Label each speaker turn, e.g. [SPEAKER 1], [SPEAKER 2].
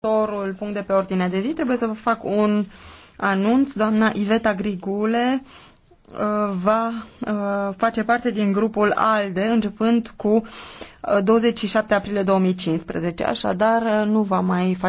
[SPEAKER 1] următorul punct de pe ordinea de zi, trebuie să vă fac un anunț. Doamna Iveta Grigule uh, va uh, face parte din grupul ALDE începând cu 27 uh, aprilie 2015, așadar nu va mai face